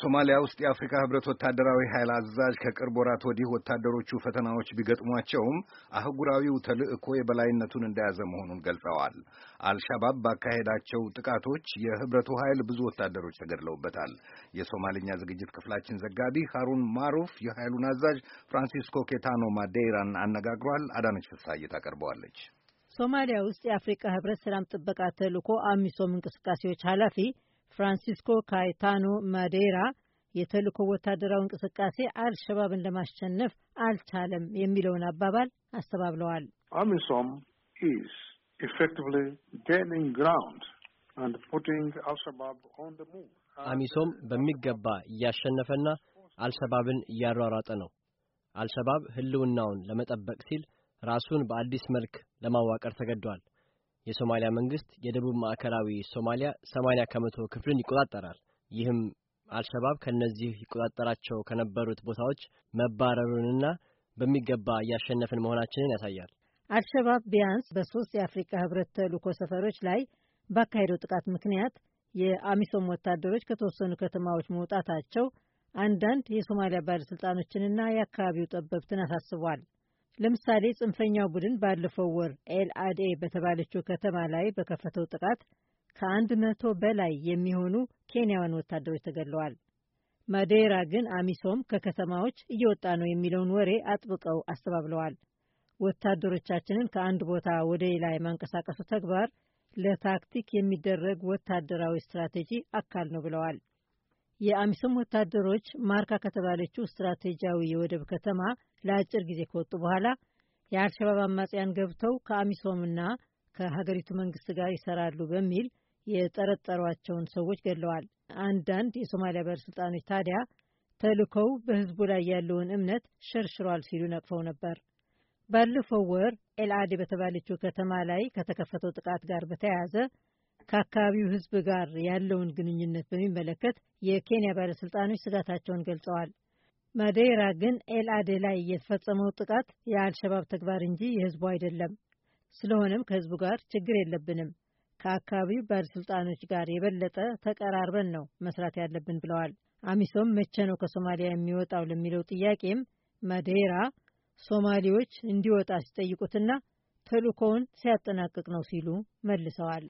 ሶማሊያ ውስጥ የአፍሪካ ህብረት ወታደራዊ ኃይል አዛዥ ከቅርብ ወራት ወዲህ ወታደሮቹ ፈተናዎች ቢገጥሟቸውም አህጉራዊው ተልዕኮ የበላይነቱን እንደያዘ መሆኑን ገልጸዋል። አልሻባብ ባካሄዳቸው ጥቃቶች የህብረቱ ኃይል ብዙ ወታደሮች ተገድለውበታል። የሶማልኛ ዝግጅት ክፍላችን ዘጋቢ ሃሩን ማሩፍ የኃይሉን አዛዥ ፍራንሲስኮ ኬታኖ ማዴይራን አነጋግሯል። አዳነች ፍሳይ ታቀርበዋለች። ሶማሊያ ውስጥ የአፍሪካ ህብረት ሰላም ጥበቃ ተልዕኮ አሚሶም እንቅስቃሴዎች ኃላፊ ፍራንሲስኮ ካይታኖ ማዴራ የተልእኮ ወታደራዊ እንቅስቃሴ አልሸባብን ለማሸነፍ አልቻለም የሚለውን አባባል አስተባብለዋል። አሚሶም አሚሶም በሚገባ እያሸነፈና አልሸባብን እያሯሯጠ ነው። አልሸባብ ሕልውናውን ለመጠበቅ ሲል ራሱን በአዲስ መልክ ለማዋቀር ተገዷል። የሶማሊያ መንግስት የደቡብ ማዕከላዊ ሶማሊያ 80 ከመቶ ክፍልን ይቆጣጠራል። ይህም አልሸባብ ከነዚህ ይቆጣጠራቸው ከነበሩት ቦታዎች መባረሩንና በሚገባ እያሸነፍን መሆናችንን ያሳያል። አልሸባብ ቢያንስ በሶስት የአፍሪካ ህብረት ተልእኮ ሰፈሮች ላይ ባካሄደው ጥቃት ምክንያት የአሚሶም ወታደሮች ከተወሰኑ ከተማዎች መውጣታቸው አንዳንድ የሶማሊያ ባለስልጣኖችንና የአካባቢው ጠበብትን አሳስቧል። ለምሳሌ ጽንፈኛው ቡድን ባለፈው ወር ኤልአዴ በተባለችው ከተማ ላይ በከፈተው ጥቃት ከአንድ መቶ በላይ የሚሆኑ ኬንያውያን ወታደሮች ተገድለዋል። ማዴራ ግን አሚሶም ከከተማዎች እየወጣ ነው የሚለውን ወሬ አጥብቀው አስተባብለዋል። ወታደሮቻችንን ከአንድ ቦታ ወደ ሌላ የማንቀሳቀሱ ተግባር ለታክቲክ የሚደረግ ወታደራዊ ስትራቴጂ አካል ነው ብለዋል። የአሚሶም ወታደሮች ማርካ ከተባለችው ስትራቴጂያዊ የወደብ ከተማ ለአጭር ጊዜ ከወጡ በኋላ የአልሸባብ አማጽያን ገብተው ከአሚሶምና ከሀገሪቱ መንግስት ጋር ይሰራሉ በሚል የጠረጠሯቸውን ሰዎች ገድለዋል። አንዳንድ የሶማሊያ ባለስልጣኖች ታዲያ ተልእኮው በህዝቡ ላይ ያለውን እምነት ሸርሽሯል ሲሉ ነቅፈው ነበር። ባለፈው ወር ኤልአዴ በተባለችው ከተማ ላይ ከተከፈተው ጥቃት ጋር በተያያዘ ከአካባቢው ሕዝብ ጋር ያለውን ግንኙነት በሚመለከት የኬንያ ባለስልጣኖች ስጋታቸውን ገልጸዋል። ማዴራ ግን ኤልአዴ ላይ የተፈጸመው ጥቃት የአልሸባብ ተግባር እንጂ የህዝቡ አይደለም። ስለሆነም ከህዝቡ ጋር ችግር የለብንም ከአካባቢው ባለስልጣኖች ጋር የበለጠ ተቀራርበን ነው መስራት ያለብን ብለዋል። አሚሶም መቼ ነው ከሶማሊያ የሚወጣው ለሚለው ጥያቄም ማዴራ ሶማሌዎች እንዲወጣ ሲጠይቁትና ተልእኮውን ሲያጠናቅቅ ነው ሲሉ መልሰዋል።